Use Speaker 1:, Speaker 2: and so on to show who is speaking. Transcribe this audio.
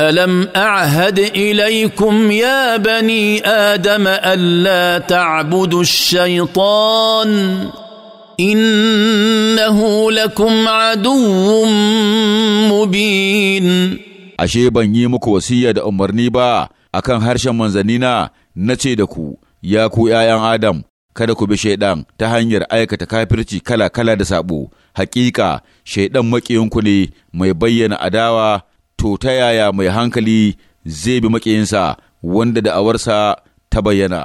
Speaker 1: الم اعهد اليكم يا بني ادم الا تعبدوا الشيطان انه لكم عدو مبين
Speaker 2: ashe ban yi muku wasiya da umarni ba akan harshen manzannina na ce da ku ya ku ’ya'yan adam kada ku bi shaidan ta hanyar aikata kafirci kala-kala da sabo hakika shaidan maƙiyinku ne mai bayyana adawa to ta yaya mai hankali zai bi maƙiyinsa wanda da'awarsa ta bayyana.